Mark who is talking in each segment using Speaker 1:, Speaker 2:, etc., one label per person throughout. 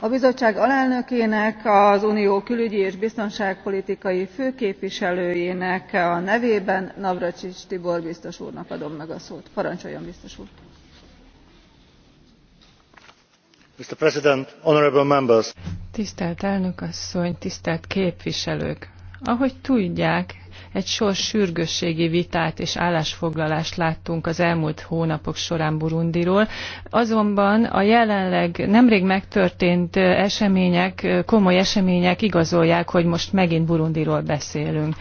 Speaker 1: a bizottság alelnökének az unió külügyi és biztonságpolitikai főképviselőjének a nevében navracsics tibor biztos úrnak adom meg a szót. parancsoljon biztos úr!
Speaker 2: tisztelt elnök asszony tisztelt képviselők! ahogy tudják egy sor sürgősségi vitát és állásfoglalást láttunk az elmúlt hónapok során Burundiról. Azonban a jelenleg nemrég megtörtént események, komoly események igazolják, hogy most megint Burundiról beszélünk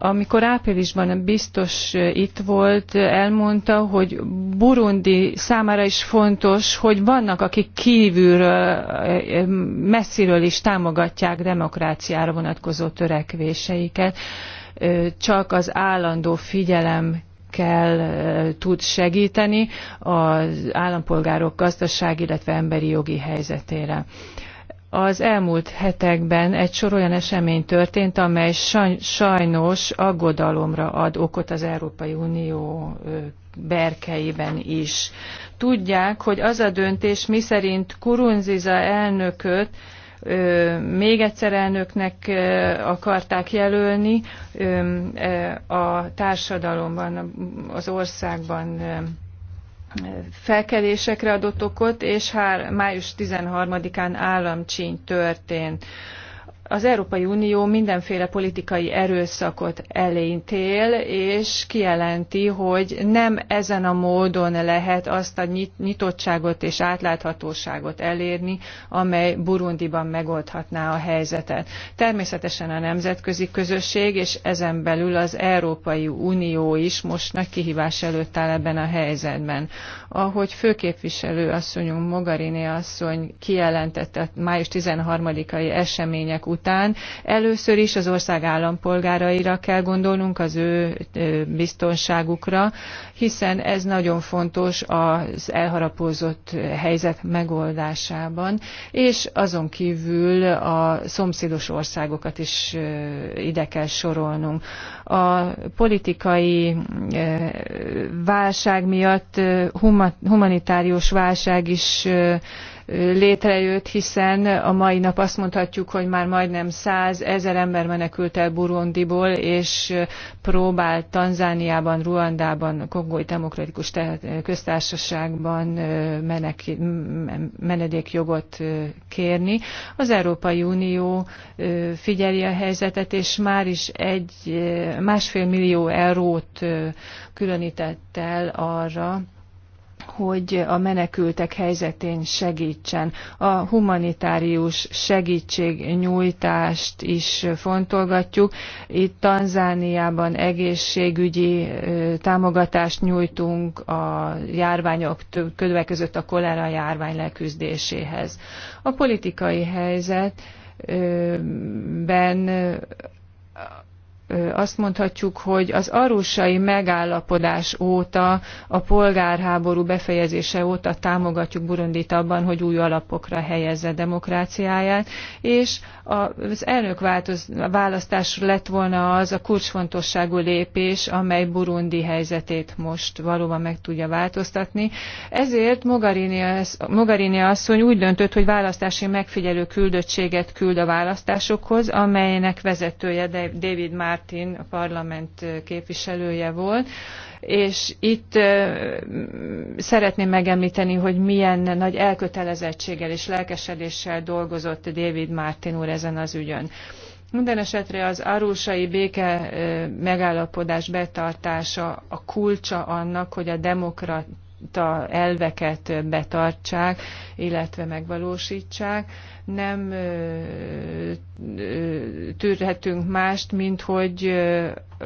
Speaker 2: amikor áprilisban a biztos itt volt, elmondta, hogy Burundi számára is fontos, hogy vannak, akik kívülről, messziről is támogatják demokráciára vonatkozó törekvéseiket csak az állandó figyelem kell tud segíteni az állampolgárok gazdaság, illetve emberi jogi helyzetére. Az elmúlt hetekben egy sor olyan esemény történt, amely sajnos aggodalomra ad okot az Európai Unió berkeiben is. Tudják, hogy az a döntés, miszerint Kurunziza elnököt még egyszer elnöknek akarták jelölni. A társadalomban, az országban felkelésekre adott okot, és hár, május 13-án államcsíny történt az Európai Unió mindenféle politikai erőszakot elintél, és kijelenti, hogy nem ezen a módon lehet azt a nyitottságot és átláthatóságot elérni, amely Burundiban megoldhatná a helyzetet. Természetesen a nemzetközi közösség, és ezen belül az Európai Unió is most nagy kihívás előtt áll ebben a helyzetben. Ahogy főképviselő asszonyunk Mogarini asszony kijelentette május 13-ai események után, után. Először is az ország állampolgáraira kell gondolnunk, az ő biztonságukra, hiszen ez nagyon fontos az elharapózott helyzet megoldásában, és azon kívül a szomszédos országokat is ide kell sorolnunk. A politikai válság miatt humanitárius válság is létrejött, hiszen a mai nap azt mondhatjuk, hogy már majdnem száz ezer ember menekült el Burundiból, és próbál Tanzániában, Ruandában, Kongói Demokratikus Köztársaságban menedékjogot kérni. Az Európai Unió figyeli a helyzetet, és már is egy másfél millió eurót különített el arra, hogy a menekültek helyzetén segítsen. A humanitárius segítségnyújtást is fontolgatjuk. Itt Tanzániában egészségügyi támogatást nyújtunk a járványok, ködve között a kolera járvány leküzdéséhez. A politikai helyzetben azt mondhatjuk, hogy az arusai megállapodás óta, a polgárháború befejezése óta támogatjuk Burundit abban, hogy új alapokra helyezze demokráciáját, és az elnök választás lett volna az a kulcsfontosságú lépés, amely Burundi helyzetét most valóban meg tudja változtatni. Ezért Mogarini, asszony úgy döntött, hogy választási megfigyelő küldöttséget küld a választásokhoz, amelynek vezetője David Már Martin, a parlament képviselője volt, és itt szeretném megemlíteni, hogy milyen nagy elkötelezettséggel és lelkesedéssel dolgozott David Martin úr ezen az ügyön. Minden esetre az arúsai béke megállapodás betartása a kulcsa annak, hogy a demokrat a elveket betartsák, illetve megvalósítsák. Nem tűrhetünk mást, mint hogy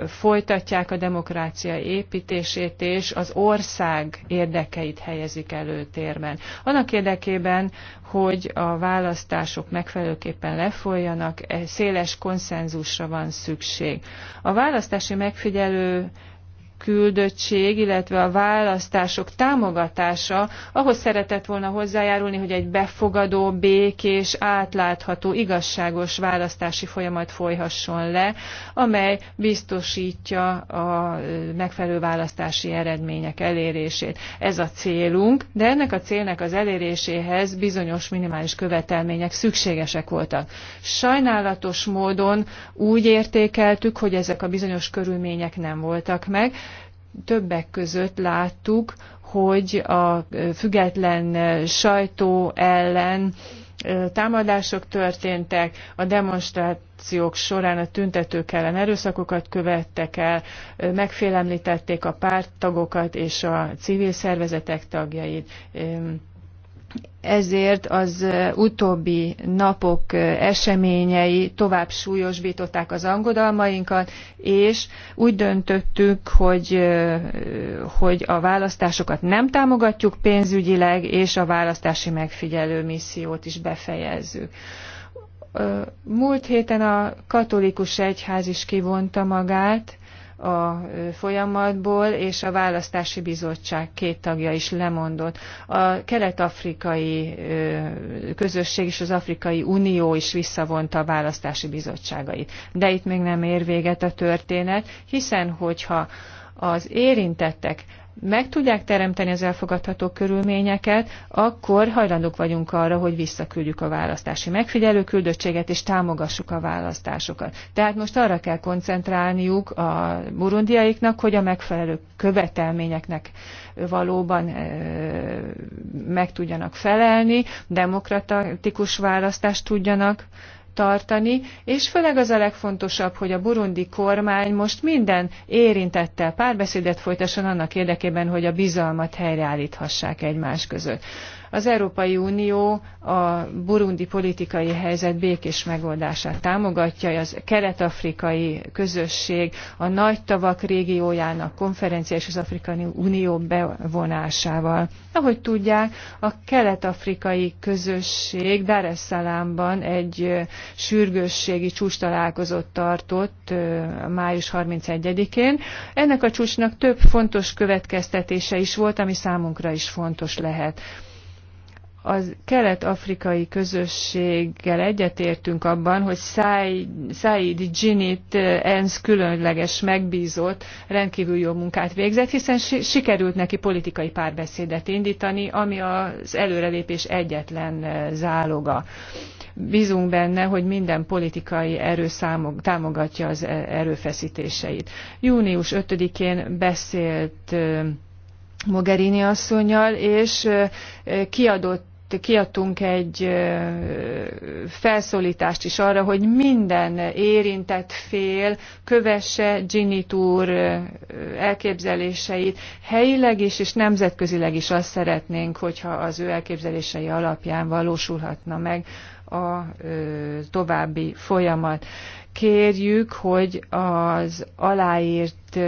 Speaker 2: folytatják a demokrácia építését, és az ország érdekeit helyezik előtérben. Annak érdekében, hogy a választások megfelelőképpen lefolyjanak, e, széles konszenzusra van szükség. A választási megfigyelő küldöttség, illetve a választások támogatása ahhoz szeretett volna hozzájárulni, hogy egy befogadó, békés, átlátható, igazságos választási folyamat folyhasson le, amely biztosítja a megfelelő választási eredmények elérését. Ez a célunk, de ennek a célnak az eléréséhez bizonyos minimális követelmények szükségesek voltak. Sajnálatos módon úgy értékeltük, hogy ezek a bizonyos körülmények nem voltak meg, többek között láttuk, hogy a független sajtó ellen támadások történtek, a demonstrációk során a tüntetők ellen erőszakokat követtek el, megfélemlítették a párttagokat és a civil szervezetek tagjait ezért az utóbbi napok eseményei tovább súlyosbították az angodalmainkat, és úgy döntöttük, hogy, hogy a választásokat nem támogatjuk pénzügyileg, és a választási megfigyelő missziót is befejezzük. Múlt héten a katolikus egyház is kivonta magát, a folyamatból, és a választási bizottság két tagja is lemondott. A kelet-afrikai közösség és az Afrikai Unió is visszavonta a választási bizottságait. De itt még nem ér véget a történet, hiszen hogyha az érintettek meg tudják teremteni az elfogadható körülményeket, akkor hajlandók vagyunk arra, hogy visszaküldjük a választási megfigyelő küldöttséget, és támogassuk a választásokat. Tehát most arra kell koncentrálniuk a burundiaiknak, hogy a megfelelő követelményeknek valóban meg tudjanak felelni, demokratikus választást tudjanak tartani, és főleg az a legfontosabb, hogy a burundi kormány most minden érintettel párbeszédet folytasson annak érdekében, hogy a bizalmat helyreállíthassák egymás között. Az Európai Unió a burundi politikai helyzet békés megoldását támogatja, az kelet-afrikai közösség a nagy tavak régiójának konferencia és az Afrikai Unió bevonásával. Ahogy tudják, a kelet-afrikai közösség Dar es Salaamban egy sürgősségi csúcs találkozott tartott május 31-én. Ennek a csúcsnak több fontos következtetése is volt, ami számunkra is fontos lehet az kelet-afrikai közösséggel egyetértünk abban, hogy Said Ginit eh, ENSZ különleges megbízott rendkívül jó munkát végzett, hiszen sikerült neki politikai párbeszédet indítani, ami az előrelépés egyetlen eh, záloga. Bízunk benne, hogy minden politikai erő számog, támogatja az eh, erőfeszítéseit. Június 5-én beszélt Mogherini asszonyal, és kiadott kiadtunk egy felszólítást is arra, hogy minden érintett fél kövesse Ginny Tour elképzeléseit helyileg is és nemzetközileg is azt szeretnénk, hogyha az ő elképzelései alapján valósulhatna meg a további folyamat. Kérjük, hogy az aláírt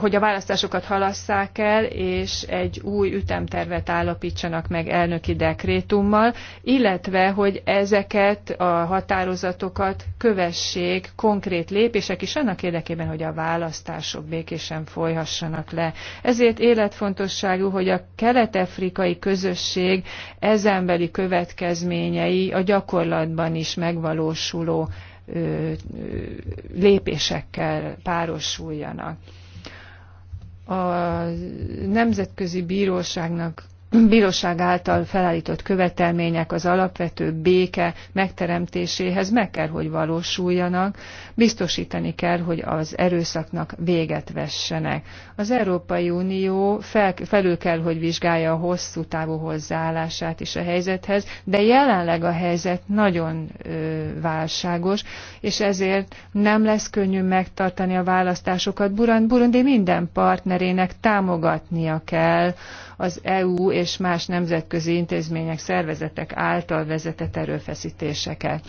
Speaker 2: hogy a választásokat halasszák el, és egy új ütemtervet állapítsanak meg elnöki dekrétummal, illetve, hogy ezeket a határozatokat kövessék konkrét lépések is annak érdekében, hogy a választások békésen folyhassanak le. Ezért életfontosságú, hogy a kelet-afrikai közösség ezenbeli következményei a gyakorlatban is megvalósuló lépésekkel párosuljanak a nemzetközi bíróságnak bíróság által felállított követelmények az alapvető béke megteremtéséhez meg kell, hogy valósuljanak, biztosítani kell, hogy az erőszaknak véget vessenek. Az Európai Unió fel, felül kell, hogy vizsgálja a hosszú távú hozzáállását is a helyzethez, de jelenleg a helyzet nagyon ö, válságos, és ezért nem lesz könnyű megtartani a választásokat. Burundi minden partnerének támogatnia kell az EU és és más nemzetközi intézmények, szervezetek által vezetett erőfeszítéseket.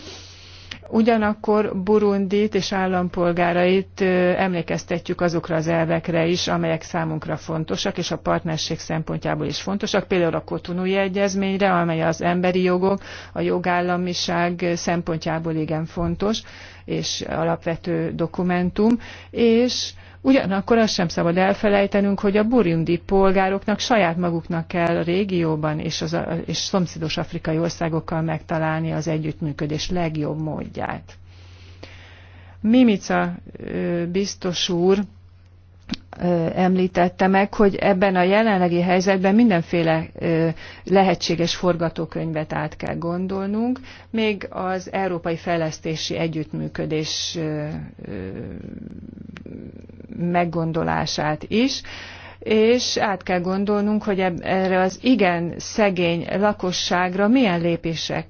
Speaker 2: Ugyanakkor Burundit és állampolgárait emlékeztetjük azokra az elvekre is, amelyek számunkra fontosak, és a partnerség szempontjából is fontosak, például a Kotonui Egyezményre, amely az emberi jogok, a jogállamiság szempontjából igen fontos, és alapvető dokumentum, és Ugyanakkor azt sem szabad elfelejtenünk, hogy a burundi polgároknak saját maguknak kell a régióban és, az, és szomszédos afrikai országokkal megtalálni az együttműködés legjobb módját. Mimica biztos úr említette meg, hogy ebben a jelenlegi helyzetben mindenféle lehetséges forgatókönyvet át kell gondolnunk, még az európai fejlesztési együttműködés meggondolását is és át kell gondolnunk, hogy erre az igen szegény lakosságra milyen lépések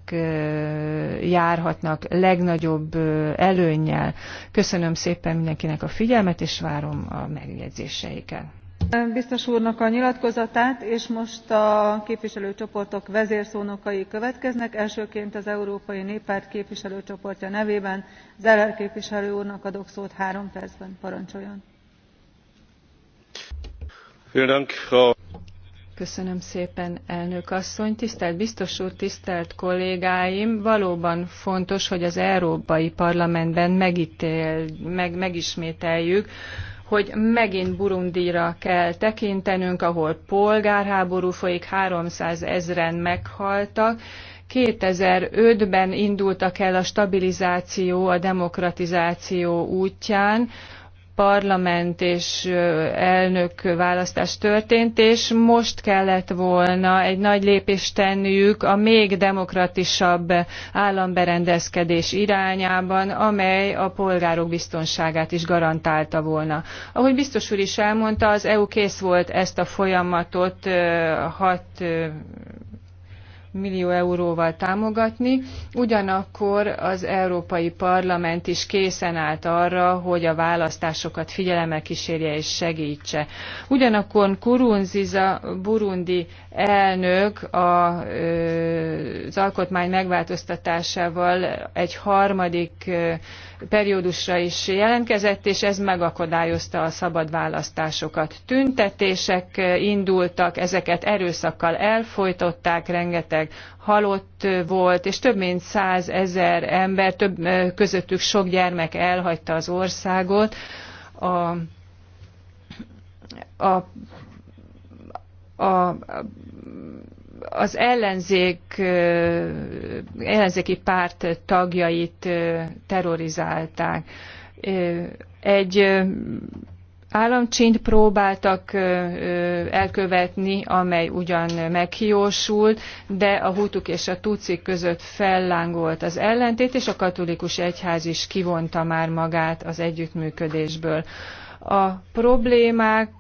Speaker 2: járhatnak legnagyobb előnnyel. Köszönöm szépen mindenkinek a figyelmet, és várom a megjegyzéseiket.
Speaker 1: Biztos úrnak a nyilatkozatát, és most a képviselőcsoportok vezérszónokai következnek. Elsőként az Európai Néppárt képviselőcsoportja nevében Zeller képviselő úrnak adok szót három percben. Parancsoljon!
Speaker 2: Köszönöm szépen, elnök asszony. Tisztelt biztos úr, tisztelt kollégáim! Valóban fontos, hogy az Európai Parlamentben megítél, meg, megismételjük, hogy megint Burundira kell tekintenünk, ahol polgárháború folyik, 300 ezren meghaltak, 2005-ben indultak el a stabilizáció, a demokratizáció útján, parlament és elnök választás történt, és most kellett volna egy nagy lépést tenniük a még demokratisabb államberendezkedés irányában, amely a polgárok biztonságát is garantálta volna. Ahogy biztos úr is elmondta, az EU kész volt ezt a folyamatot hat millió euróval támogatni, ugyanakkor az Európai Parlament is készen állt arra, hogy a választásokat figyelemmel kísérje és segítse. Ugyanakkor Kurunziza burundi elnök a, az alkotmány megváltoztatásával egy harmadik periódusra is jelentkezett, és ez megakadályozta a szabad választásokat. Tüntetések indultak, ezeket erőszakkal elfolytották, rengeteg halott volt, és több mint százezer ember, több közöttük sok gyermek elhagyta az országot. A, a, a, az ellenzék, ellenzéki párt tagjait terrorizálták. Egy államcsint próbáltak elkövetni, amely ugyan meghiósult, de a hutuk és a tucik között fellángolt az ellentét, és a katolikus egyház is kivonta már magát az együttműködésből. A problémák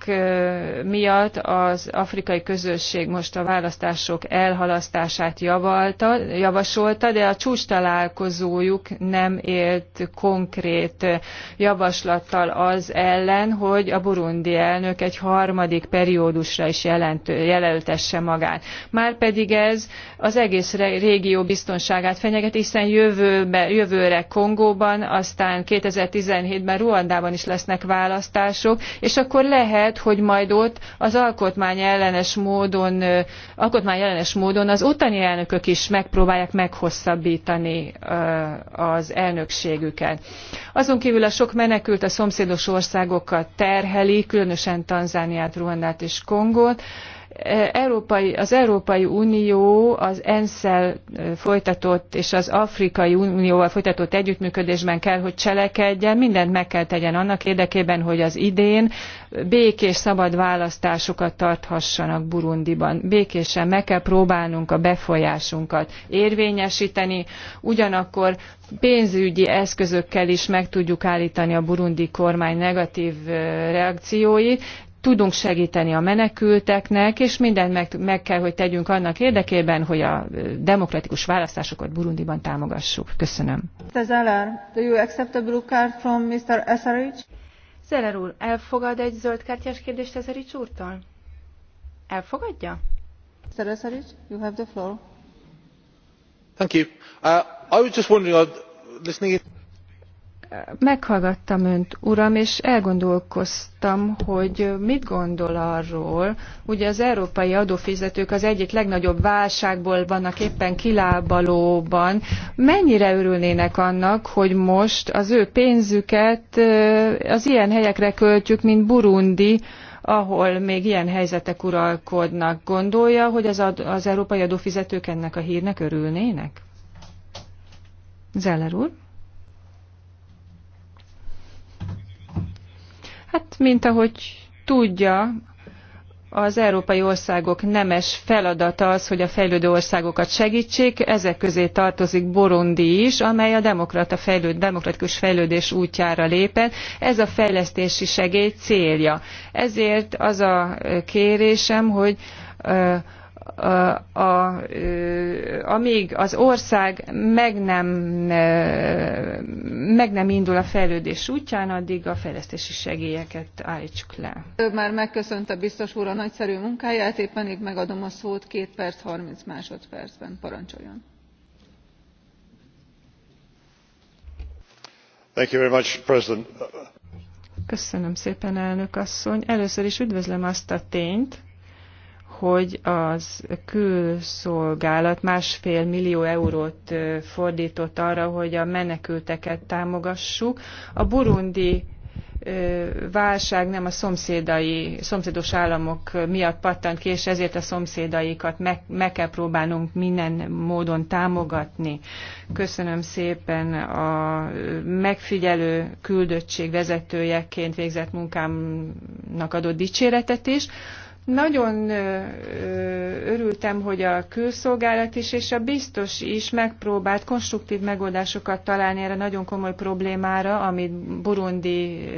Speaker 2: miatt az afrikai közösség most a választások elhalasztását javalta, javasolta, de a csúcs találkozójuk nem élt konkrét javaslattal az ellen, hogy a burundi elnök egy harmadik periódusra is jelentő, jelöltesse magát. Márpedig ez az egész régió biztonságát fenyeget, hiszen jövőbe, jövőre Kongóban, aztán 2017-ben Ruandában is lesznek választások, választások, és akkor lehet, hogy majd ott az alkotmány ellenes módon, alkotmány ellenes módon az ottani elnökök is megpróbálják meghosszabbítani az elnökségüket. Azon kívül a sok menekült a szomszédos országokat terheli, különösen Tanzániát, Ruandát és Kongót, európai, az Európai Unió az ensz folytatott és az Afrikai Unióval folytatott együttműködésben kell, hogy cselekedjen, mindent meg kell tegyen annak érdekében, hogy az idén békés, szabad választásokat tarthassanak Burundiban. Békésen meg kell próbálnunk a befolyásunkat érvényesíteni, ugyanakkor pénzügyi eszközökkel is meg tudjuk állítani a burundi kormány negatív reakcióit, tudunk segíteni a menekülteknek, és mindent meg, meg kell, hogy tegyünk annak érdekében, hogy a demokratikus választásokat Burundiban támogassuk. Köszönöm.
Speaker 1: Mr. Zeller, do you accept a blue card from Mr. Eserich? Zeller úr, elfogad egy zöld kártyás kérdést Eserich úrtól? Elfogadja? Mr. Eserich, you have the floor. Thank you. Uh, I was just wondering, uh, listening meghallgattam
Speaker 2: önt, uram, és elgondolkoztam, hogy mit gondol arról, ugye az európai adófizetők az egyik legnagyobb válságból vannak éppen kilábalóban, mennyire örülnének annak, hogy most az ő pénzüket az ilyen helyekre költjük, mint Burundi, ahol még ilyen helyzetek uralkodnak. Gondolja, hogy az, ad, az európai adófizetők ennek a hírnek örülnének? Zeller úr? Hát, mint ahogy tudja, az európai országok nemes feladata az, hogy a fejlődő országokat segítsék, ezek közé tartozik Borondi is, amely a demokrata fejlőd, demokratikus fejlődés útjára lépett. Ez a fejlesztési segély célja. Ezért az a kérésem, hogy a, a, amíg az ország meg nem, meg nem indul a fejlődés útján, addig a fejlesztési segélyeket állítsuk le.
Speaker 1: Már megköszönte biztos úr a nagyszerű munkáját, éppen így megadom a szót két perc 30 másodpercben. Parancsoljon!
Speaker 2: Thank you very much, President. Köszönöm szépen, elnök asszony. Először is üdvözlöm azt a tényt, hogy az külszolgálat másfél millió eurót fordított arra, hogy a menekülteket támogassuk. A burundi válság nem a szomszédai, szomszédos államok miatt pattant ki, és ezért a szomszédaikat meg, meg kell próbálnunk minden módon támogatni. Köszönöm szépen a megfigyelő küldöttség vezetőjeként végzett munkámnak adott dicséretet is. Nagyon örültem, hogy a külszolgálat is és a biztos is megpróbált konstruktív megoldásokat találni erre nagyon komoly problémára, amit Burundi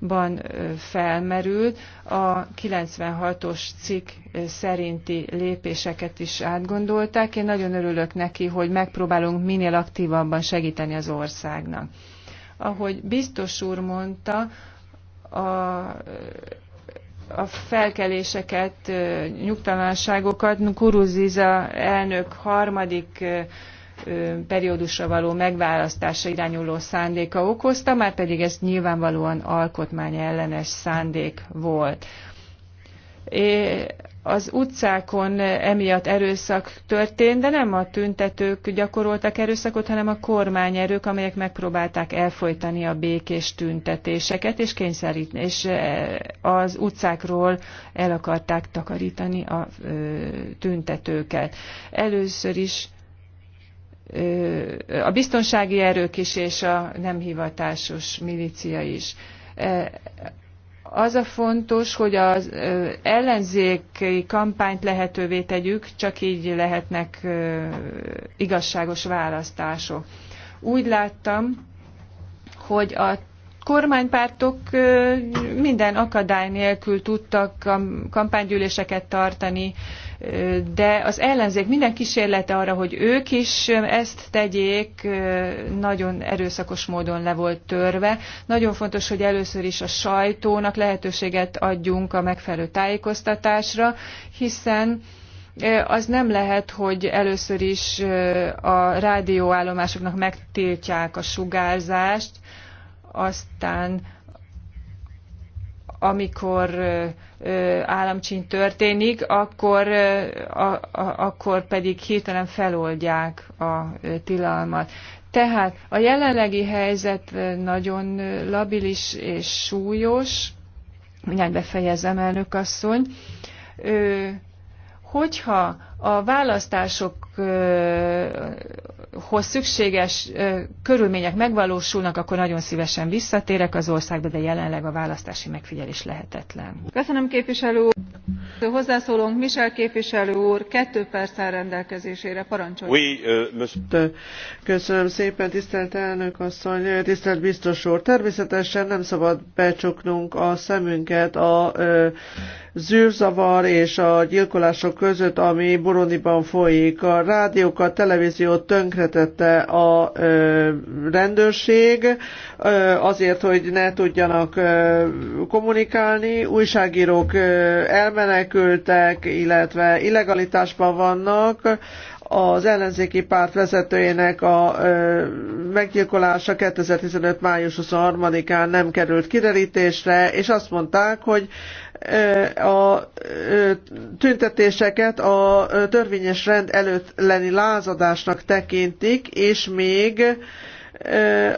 Speaker 2: ban felmerült, a 96-os cikk szerinti lépéseket is átgondolták. Én nagyon örülök neki, hogy megpróbálunk minél aktívabban segíteni az országnak. Ahogy biztos úr mondta, a, a felkeléseket, nyugtalanságokat Kuruziza elnök harmadik periódusra való megválasztása irányuló szándéka okozta, már pedig ez nyilvánvalóan alkotmány ellenes szándék volt az utcákon emiatt erőszak történt, de nem a tüntetők gyakoroltak erőszakot, hanem a kormányerők, amelyek megpróbálták elfolytani a békés tüntetéseket, és, kényszerítni, és e, az utcákról el akarták takarítani a tüntetőket. Először is a biztonsági erők is, és a nem hivatásos milícia is e, az a fontos, hogy az ellenzéki kampányt lehetővé tegyük, csak így lehetnek igazságos választások. Úgy láttam, hogy a kormánypártok minden akadály nélkül tudtak kampánygyűléseket tartani, de az ellenzék minden kísérlete arra, hogy ők is ezt tegyék, nagyon erőszakos módon le volt törve. Nagyon fontos, hogy először is a sajtónak lehetőséget adjunk a megfelelő tájékoztatásra, hiszen az nem lehet, hogy először is a rádióállomásoknak megtiltják a sugárzást, aztán amikor államcsint történik, akkor, a, a, akkor pedig hirtelen feloldják a tilalmat. Tehát a jelenlegi helyzet nagyon labilis és súlyos, mindjárt befejezem, elnök asszony, hogyha a választások hoz szükséges körülmények megvalósulnak, akkor nagyon szívesen visszatérek az országba, de jelenleg a választási megfigyelés lehetetlen.
Speaker 1: Köszönöm képviselő úr. Hozzászólónk Michel képviselő úr, kettő perccel rendelkezésére, parancsoljon. Oui,
Speaker 3: uh, Köszönöm szépen, tisztelt elnök asszony, tisztelt biztos úr. Természetesen nem szabad becsuknunk a szemünket a uh, zűrzavar és a gyilkolások között, ami Burundiban folyik. A rádiókat, televíziót tönkre tönkretette a rendőrség azért, hogy ne tudjanak kommunikálni, újságírók elmenekültek, illetve illegalitásban vannak, az ellenzéki párt vezetőjének a ö, meggyilkolása 2015. május 23-án nem került kiderítésre, és azt mondták, hogy a tüntetéseket a törvényes rend előttleni lázadásnak tekintik, és még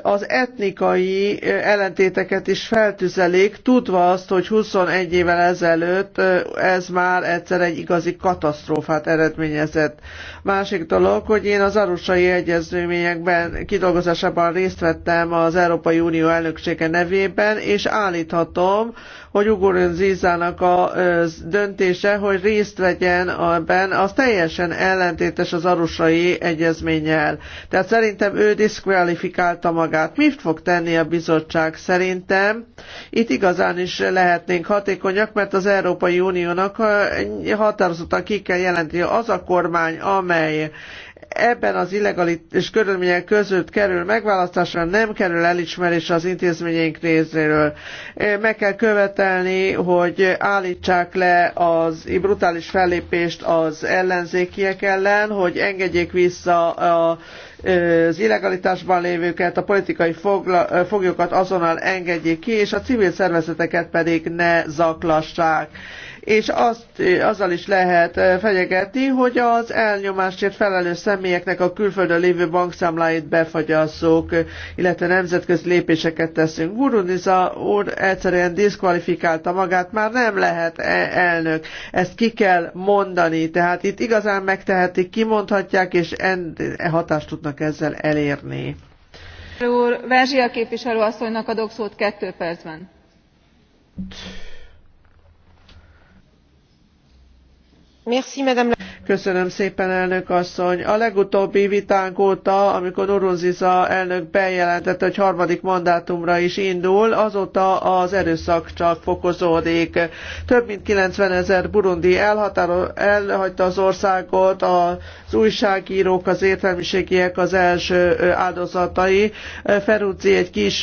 Speaker 3: az etnikai ellentéteket is feltüzelik, tudva azt, hogy 21 évvel ezelőtt ez már egyszer egy igazi katasztrófát eredményezett. Másik dolog, hogy én az arusai egyezményekben kidolgozásában részt vettem az Európai Unió elnöksége nevében, és állíthatom, hogy Ugorön Zizának a döntése, hogy részt vegyen ebben, az teljesen ellentétes az arusai egyezménnyel. Tehát szerintem ő diszkvalifikálta magát. Mit fog tenni a bizottság szerintem? Itt igazán is lehetnénk hatékonyak, mert az Európai Uniónak határozottan ki kell jelenteni az a kormány, amely ebben az illegális körülmények között kerül megválasztásra, nem kerül elismerés az intézményeink részéről. Meg kell követelni követelni, hogy állítsák le az brutális fellépést az ellenzékiek ellen, hogy engedjék vissza a az illegalitásban lévőket, a politikai fogla, foglyokat azonnal engedjék ki, és a civil szervezeteket pedig ne zaklassák és azt, azzal is lehet eh, fenyegetni, hogy az elnyomásért felelős személyeknek a külföldön lévő bankszámláit befagyasszuk, illetve nemzetközi lépéseket teszünk. Buruniza úr egyszerűen diszkvalifikálta magát, már nem lehet e, elnök. Ezt ki kell mondani, tehát itt igazán megtehetik, kimondhatják, és en, e hatást tudnak ezzel elérni.
Speaker 1: Úr, Verzsia képviselő asszonynak adok szót kettő percben.
Speaker 3: Köszönöm szépen, elnök asszony. A legutóbbi vitánk óta, amikor Urunziza elnök bejelentette, hogy harmadik mandátumra is indul, azóta az erőszak csak fokozódik. Több mint 90 ezer burundi elhagyta az országot, az újságírók, az értelmiségiek az első áldozatai. Feruzzi, egy kis,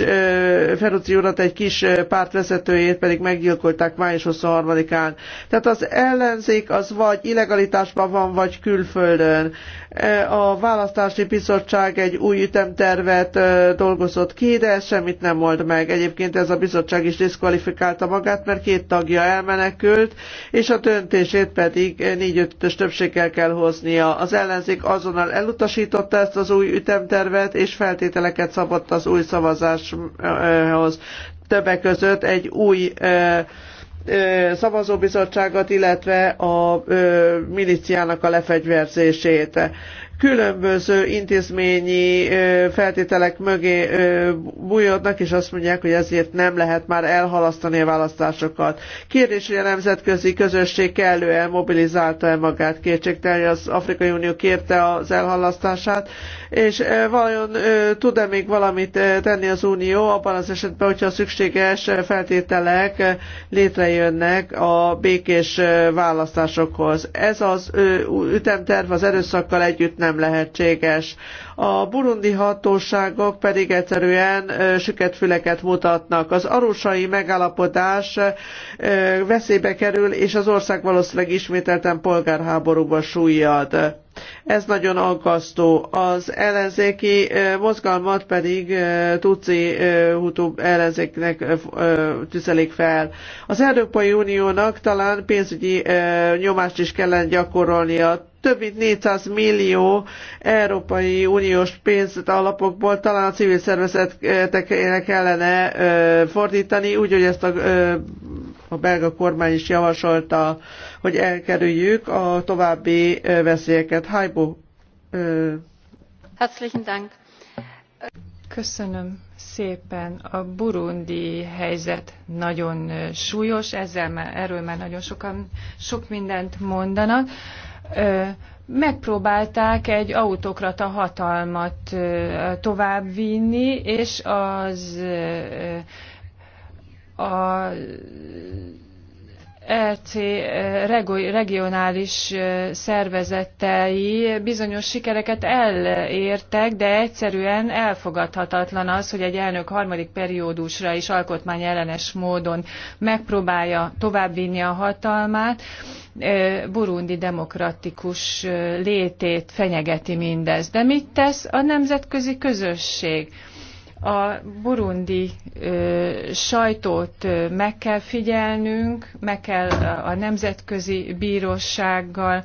Speaker 3: Feruzzi urat egy kis párt vezetőjét pedig meggyilkolták május 23-án. Tehát az ellenzék az van vagy illegalitásban van, vagy külföldön. E, a választási bizottság egy új ütemtervet e, dolgozott ki, de ez semmit nem old meg. Egyébként ez a bizottság is diszkvalifikálta magát, mert két tagja elmenekült, és a döntését pedig 4-5-ös többséggel kell hoznia. Az ellenzék azonnal elutasította ezt az új ütemtervet, és feltételeket szabott az új szavazáshoz. Többek között egy új ö, e, szavazóbizottságot, illetve a miliciának a lefegyverzését különböző intézményi feltételek mögé bújodnak, és azt mondják, hogy ezért nem lehet már elhalasztani a választásokat. Kérdés, hogy a nemzetközi közösség kellően mobilizálta-e magát, kétségtelni, az Afrikai Unió kérte az elhalasztását, és vajon tud-e még valamit tenni az Unió abban az esetben, hogyha a szükséges feltételek létrejönnek a békés választásokhoz. Ez az ütemterv az erőszakkal együtt nem nem lehetséges. A burundi hatóságok pedig egyszerűen süket füleket mutatnak. Az arusai megállapodás veszélybe kerül, és az ország valószínűleg ismételten polgárháborúba súlyad. Ez nagyon aggasztó. Az ellenzéki mozgalmat pedig Tuci Hutu ellenzéknek tüzelik fel. Az Európai Uniónak talán pénzügyi nyomást is kellene gyakorolnia több mint 400 millió Európai Uniós pénzt alapokból talán a civil szervezetekének kellene fordítani, úgy, hogy ezt a, a belga kormány is javasolta, hogy elkerüljük a további veszélyeket. Hajbó.
Speaker 4: Herzlichen Dank.
Speaker 2: Köszönöm szépen. A burundi helyzet nagyon súlyos, ezzel már, erről már nagyon sokan sok mindent mondanak megpróbálták egy autokrata hatalmat továbbvinni, és az a EC e, regionális e, szervezetei bizonyos sikereket elértek, de egyszerűen elfogadhatatlan az, hogy egy elnök harmadik periódusra is alkotmányellenes módon megpróbálja továbbvinni a hatalmát. E, Burundi demokratikus létét fenyegeti mindez. De mit tesz a nemzetközi közösség? A burundi ö, sajtót ö, meg kell figyelnünk, meg kell a nemzetközi bírósággal, ö,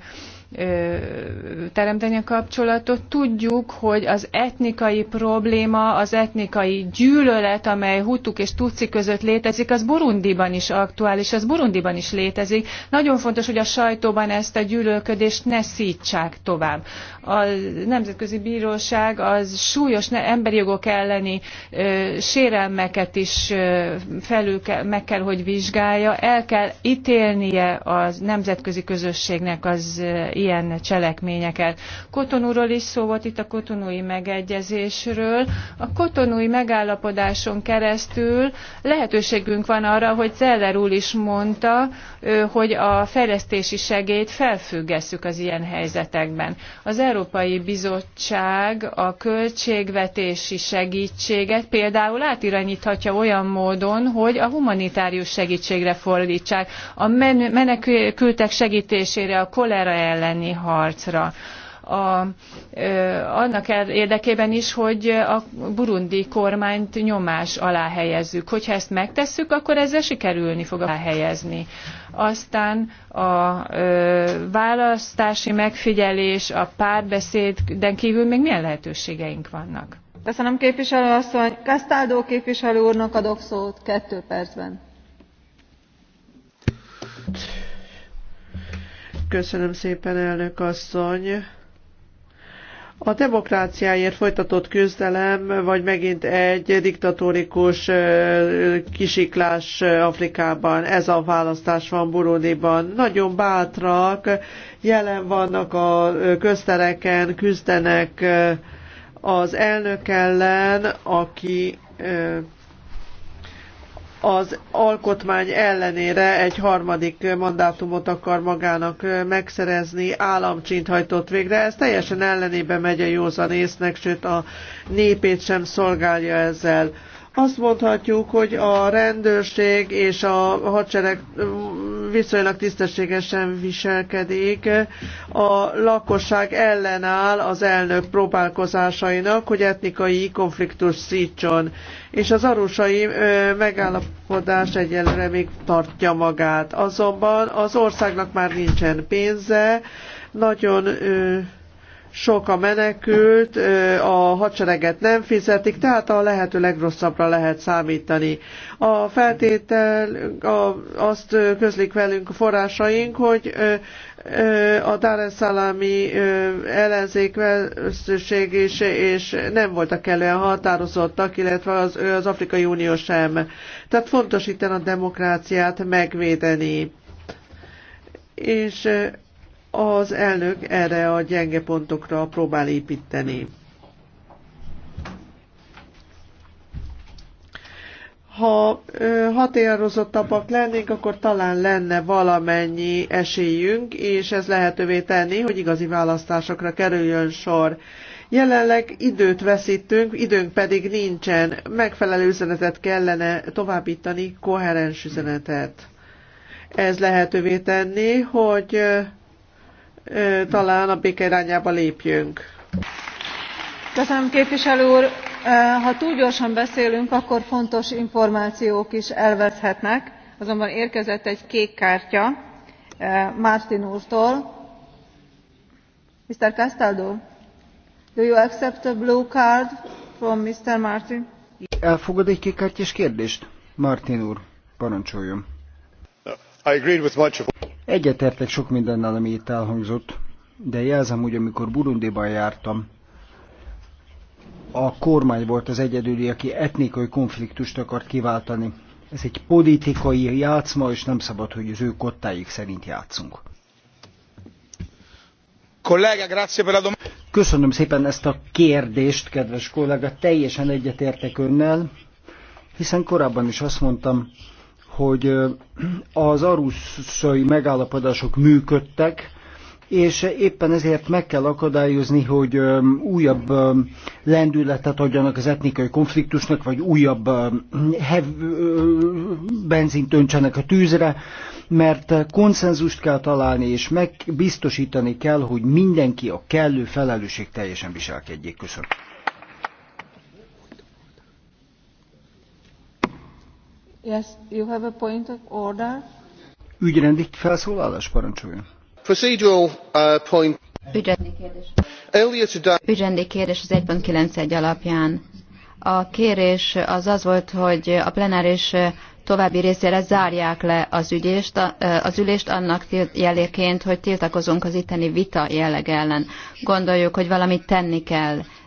Speaker 2: teremteni a kapcsolatot. Tudjuk, hogy az etnikai probléma, az etnikai gyűlölet, amely hutuk és tuci között létezik, az Burundiban is aktuális, az Burundiban is létezik. Nagyon fontos, hogy a sajtóban ezt a gyűlölködést ne szítsák tovább. A Nemzetközi Bíróság az súlyos emberi jogok elleni ö, sérelmeket is ö, felül kell, meg kell, hogy vizsgálja. El kell ítélnie a nemzetközi közösségnek az ö, ilyen cselekményeket. Kotonúról is szó volt itt a kotonúi megegyezésről. A kotonúi megállapodáson keresztül lehetőségünk van arra, hogy Zeller úr is mondta, hogy a fejlesztési segélyt felfüggesszük az ilyen helyzetekben. Az Európai Bizottság a költségvetési segítséget például átirányíthatja olyan módon, hogy a humanitárius segítségre fordítsák, a menekültek segítésére, a kolera ellen elleni harcra. A, ö, annak er-, érdekében is, hogy a burundi kormányt nyomás alá helyezzük. Hogyha ezt megtesszük, akkor ezzel sikerülni fog alá helyezni. Aztán a ö, választási megfigyelés, a párbeszéd, de kívül még milyen lehetőségeink vannak?
Speaker 1: Köszönöm képviselő asszony. Castaldo képviselő úrnak adok szót kettő percben
Speaker 3: Köszönöm szépen, elnök asszony. A demokráciáért folytatott küzdelem, vagy megint egy diktatórikus kisiklás Afrikában. Ez a választás van Burundiban. Nagyon bátrak, jelen vannak a köztereken, küzdenek az elnök ellen, aki az alkotmány ellenére egy harmadik mandátumot akar magának megszerezni, államcsint hajtott végre. Ez teljesen ellenébe megy a józan észnek, sőt a népét sem szolgálja ezzel azt mondhatjuk, hogy a rendőrség és a hadsereg viszonylag tisztességesen viselkedik. A lakosság ellenáll az elnök próbálkozásainak, hogy etnikai konfliktus szítson, és az arusai megállapodás egyelőre még tartja magát. Azonban az országnak már nincsen pénze, nagyon sok a menekült, a hadsereget nem fizetik, tehát a lehető legrosszabbra lehet számítani. A feltétel, a, azt közlik velünk a forrásaink, hogy a Dar es Salaami ellenzékvesztőség is, és nem voltak kellően határozottak, illetve az, az Afrikai Unió sem. Tehát fontos itten a demokráciát megvédeni. És az elnök erre a gyenge pontokra próbál építeni. ha ö, határozottabbak lennénk, akkor talán lenne valamennyi esélyünk, és ez lehetővé tenni, hogy igazi választásokra kerüljön sor. Jelenleg időt veszítünk, időnk pedig nincsen. Megfelelő üzenetet kellene továbbítani, koherens üzenetet. Ez lehetővé tenni, hogy talán a béke irányába lépjünk.
Speaker 1: Köszönöm, képviselő úr! Ha túl gyorsan beszélünk, akkor fontos információk is elveszhetnek. Azonban érkezett egy kék kártya Martin úrtól. Mr. Castaldo, do you accept a blue card from Mr. Martin?
Speaker 5: Elfogad egy kék kártyás kérdést? Martin úr, parancsoljon. I agreed with much of Egyetértek sok mindennel, ami itt elhangzott, de jelzem, hogy amikor Burundiban jártam, a kormány volt az egyedüli, aki etnikai konfliktust akart kiváltani. Ez egy politikai játszma, és nem szabad, hogy az ő kottáik szerint játszunk. Kollega, grazie per la Köszönöm szépen ezt a kérdést, kedves kollega, teljesen egyetértek önnel, hiszen korábban is azt mondtam, hogy az aruszai megállapodások működtek, és éppen ezért meg kell akadályozni, hogy újabb lendületet adjanak az etnikai konfliktusnak, vagy újabb hev, benzint öntsenek a tűzre, mert konszenzust kell találni, és megbiztosítani kell, hogy mindenki a kellő felelősség teljesen viselkedjék. Köszönöm.
Speaker 1: Yes, you have a point of order.
Speaker 5: Ügyrendi felszólalás Procedural uh, point.
Speaker 4: Ügyrendi kérdés. Earlier today... Ügyrendi kérdés az 1.91 alapján. A kérés az az volt, hogy a plenáris további részére zárják le az, ügyést, eh, az ülést annak jeléként, hogy tiltakozunk az itteni vita jelleg ellen. Gondoljuk, hogy valamit tenni kell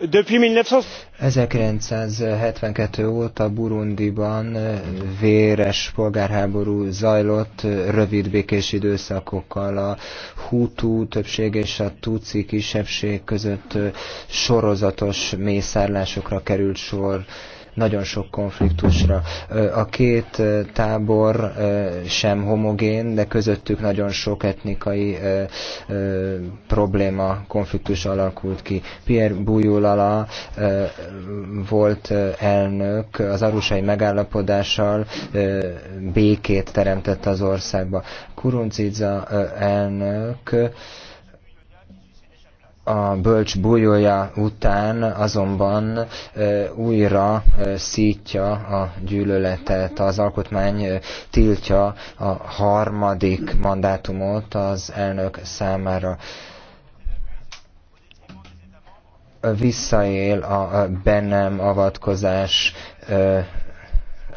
Speaker 6: 1972 óta Burundiban véres polgárháború zajlott rövid békés időszakokkal. A Hutu többség és a Tuci kisebbség között sorozatos mészárlásokra került sor nagyon sok konfliktusra. A két tábor sem homogén, de közöttük nagyon sok etnikai probléma, konfliktus alakult ki. Pierre Bujulala volt elnök, az arusai megállapodással békét teremtett az országba. Kuruncidza elnök a bölcs bújója után azonban újra szítja a gyűlöletet. Az alkotmány tiltja a harmadik mandátumot az elnök számára. Visszaél a bennem avatkozás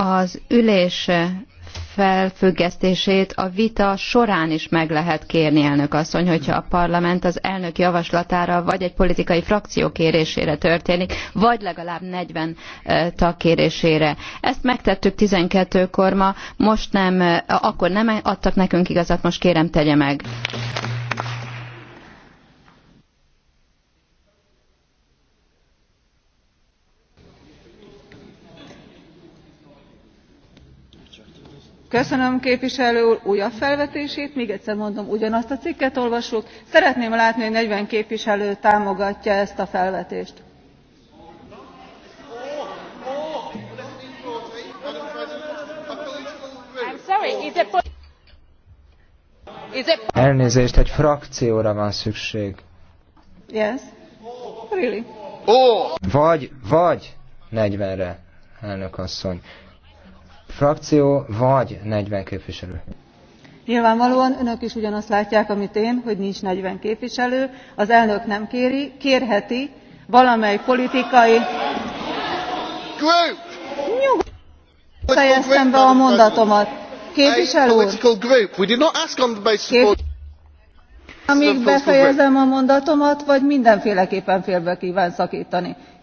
Speaker 4: az ülés felfüggesztését a vita során is meg lehet kérni, elnök asszony, hogyha a parlament az elnök javaslatára vagy egy politikai frakció kérésére történik, vagy legalább 40 e, tag kérésére. Ezt megtettük 12-kor ma, most nem, e, akkor nem adtak nekünk igazat, most kérem tegye meg.
Speaker 1: köszönöm képviselő úr újabb felvetését még egyszer mondom ugyanazt a cikket olvassuk szeretném látni hogy forty képviselő támogatja ezt a felvetést.
Speaker 6: elnézést egy frakcióra van szükség.
Speaker 1: yes really?
Speaker 6: vagy vagy 40-re elnök asszony frakció, vagy 40 képviselő.
Speaker 1: Nyilvánvalóan önök is ugyanazt látják, amit én, hogy nincs 40 képviselő. Az elnök nem kéri, kérheti valamely politikai... Group. Fejeztem be a mondatomat. Képviselő úr!
Speaker 2: amíg befejezem
Speaker 1: a mondatomat vagy mindenféleképpen félbe kíván szakítani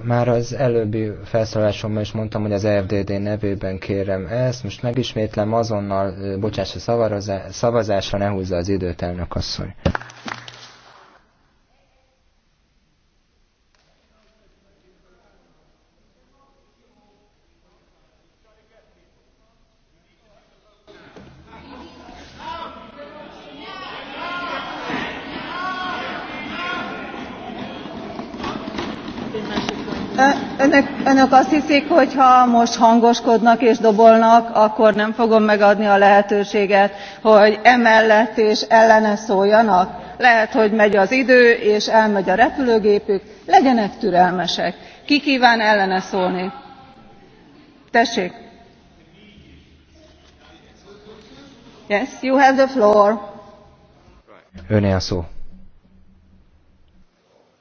Speaker 6: Már az előbbi felszólalásomban is mondtam, hogy az FDD nevében kérem ezt, most megismétlem azonnal, bocsássa szavazásra, ne húzza az időt, elnök asszony.
Speaker 1: önök azt hiszik hogy ha most hangoskodnak és dobolnak akkor nem fogom megadni a lehetőséget hogy emellett és ellene szóljanak? lehet hogy megy az idő és elmegy a repülőgépük legyenek türelmesek. ki kván ellene szólni? tessék!
Speaker 4: yes you have the floor. Öné a szó.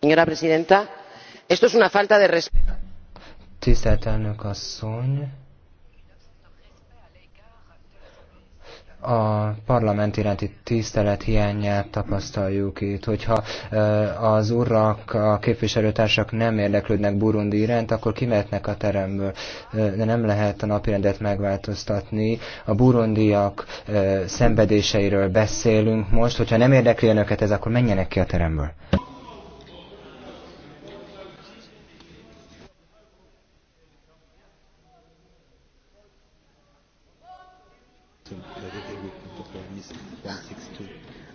Speaker 4: Señora presidenta, esto es una falta de respeto
Speaker 6: Tisztelt elnök asszony! a parlament iránti tisztelet hiányát tapasztaljuk itt. Hogyha az urak, a képviselőtársak nem érdeklődnek Burundi iránt, akkor kimehetnek a teremből, de nem lehet a napirendet megváltoztatni. A burundiak szenvedéseiről beszélünk most, hogyha nem érdekli önöket ez, akkor menjenek ki a teremből.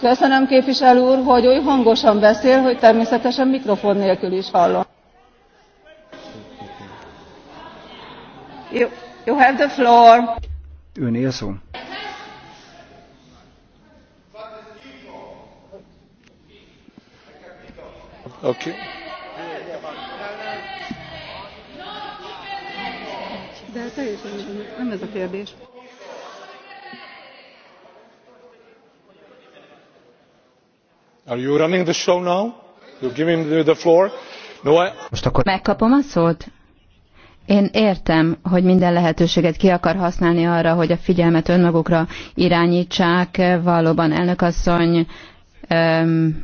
Speaker 1: köszönöm képviselő úr hogy oly hangosan beszél hogy természetesen mikrofon nélkül is hallom. You have the floor. Ön él szó. Okay. De teljesen nem ez a kérdés.
Speaker 4: Most akkor megkapom a szót? Én értem, hogy minden lehetőséget ki akar használni arra, hogy a figyelmet önmagukra irányítsák. Valóban elnökasszony öm,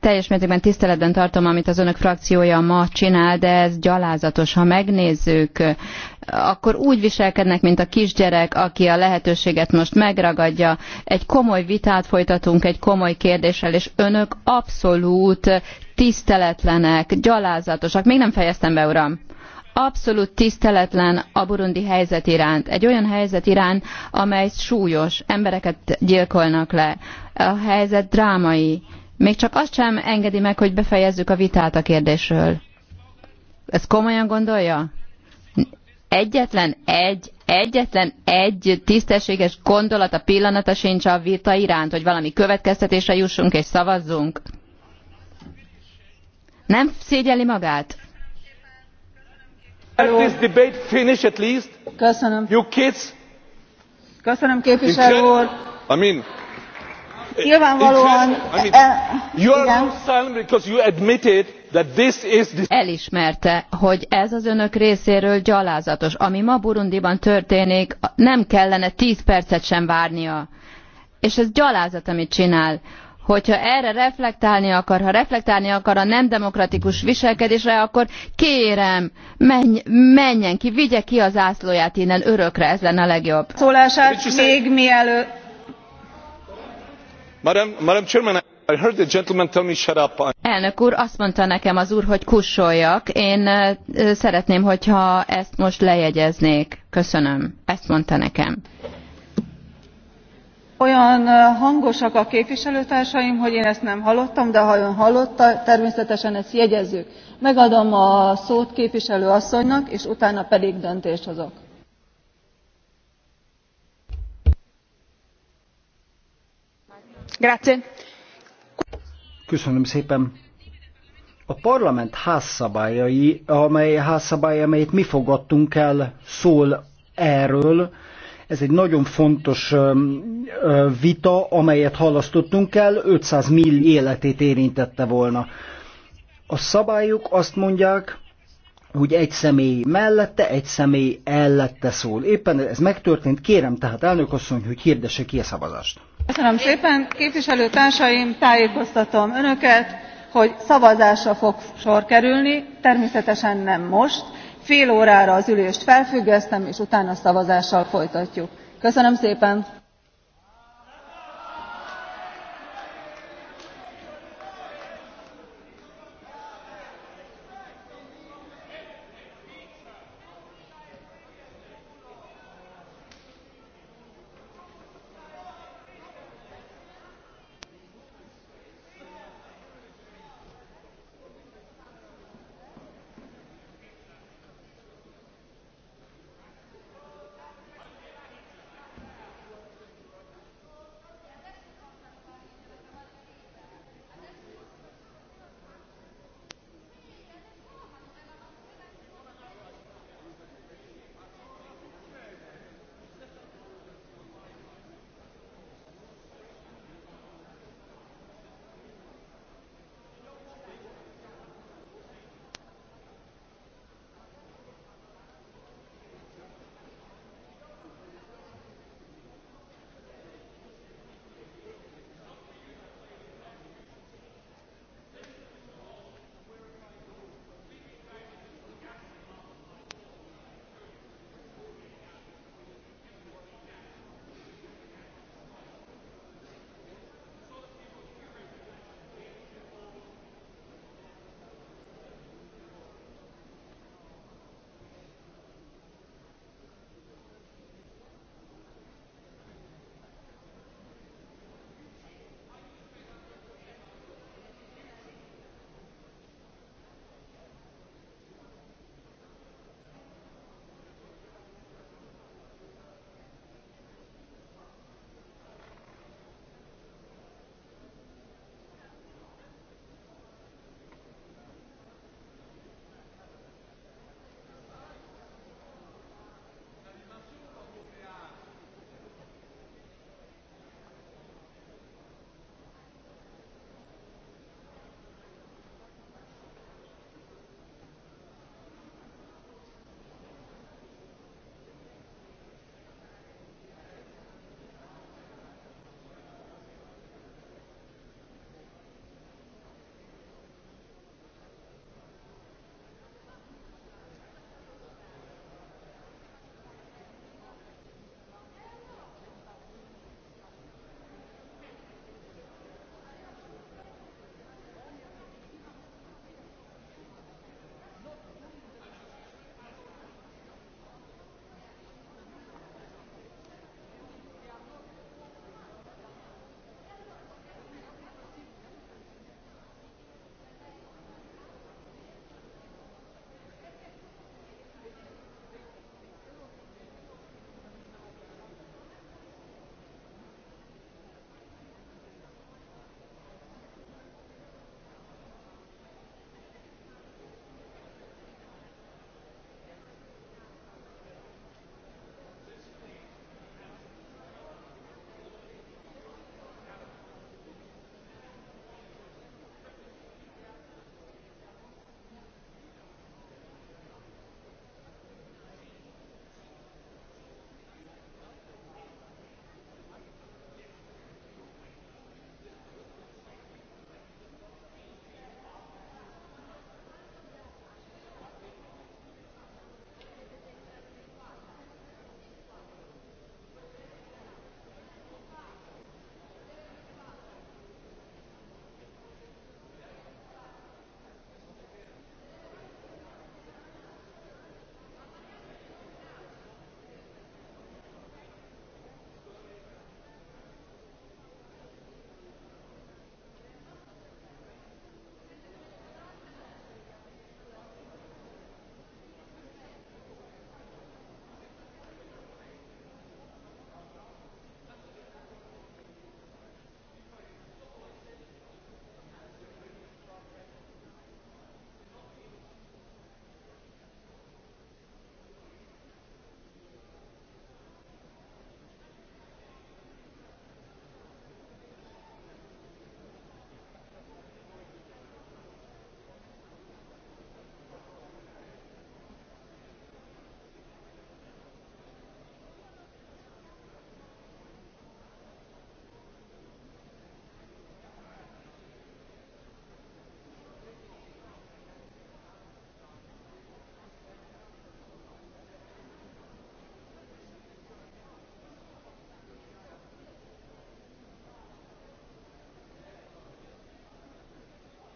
Speaker 4: teljes mértékben tiszteletben tartom, amit az önök frakciója ma csinál, de ez gyalázatos. Ha megnézzük akkor úgy viselkednek, mint a kisgyerek, aki a lehetőséget most megragadja. Egy komoly vitát folytatunk egy komoly kérdéssel, és önök abszolút tiszteletlenek, gyalázatosak. Még nem fejeztem be, uram abszolút tiszteletlen a burundi helyzet iránt. Egy olyan helyzet iránt, amely súlyos, embereket gyilkolnak le. A helyzet drámai. Még csak azt sem engedi meg, hogy befejezzük a vitát a kérdésről. Ezt komolyan gondolja? egyetlen egy, egyetlen egy tisztességes gondolata, pillanata sincs a vita iránt, hogy valami következtetésre jussunk és szavazzunk. Nem szégyeli magát? Köszönöm.
Speaker 1: You kids. Köszönöm képviselő úr. I mean, Nyilvánvalóan... I mean, eh, you are not silent because you admitted
Speaker 4: Elismerte, hogy ez az önök részéről gyalázatos. Ami ma Burundiban történik, nem kellene tíz percet sem várnia. És ez gyalázat, amit csinál hogyha erre reflektálni akar, ha reflektálni akar a nem demokratikus viselkedésre, akkor kérem, menj, menjen ki, vigye ki az ászlóját innen örökre, ez lenne a legjobb. Szólását még mielőtt...
Speaker 1: Madam, Madam Chairman,
Speaker 4: Elnök úr, azt mondta nekem az úr, hogy kussoljak. Én szeretném, hogyha ezt most lejegyeznék. Köszönöm. Ezt mondta nekem.
Speaker 1: Olyan hangosak a képviselőtársaim, hogy én ezt nem hallottam, de ha ön hallotta, természetesen ezt jegyezzük. Megadom a szót képviselő asszonynak, és utána pedig döntést hozok. Grazie
Speaker 5: Köszönöm szépen. A parlament házszabályai, amely házszabály, amelyet mi fogadtunk el, szól erről. Ez egy nagyon fontos vita, amelyet halasztottunk el, 500 millió életét érintette volna. A szabályok azt mondják, hogy egy személy mellette, egy személy ellette szól. Éppen ez megtörtént, kérem tehát elnök asszony, hogy hirdesse ki a szavazást.
Speaker 1: Köszönöm szépen. képviselőtársaim tájékoztatom önöket hogy szavazásra fog sor kerülni természetesen nem most fél órára az ülést felfüggesztem és utána szavazással folytatjuk. köszönöm szépen!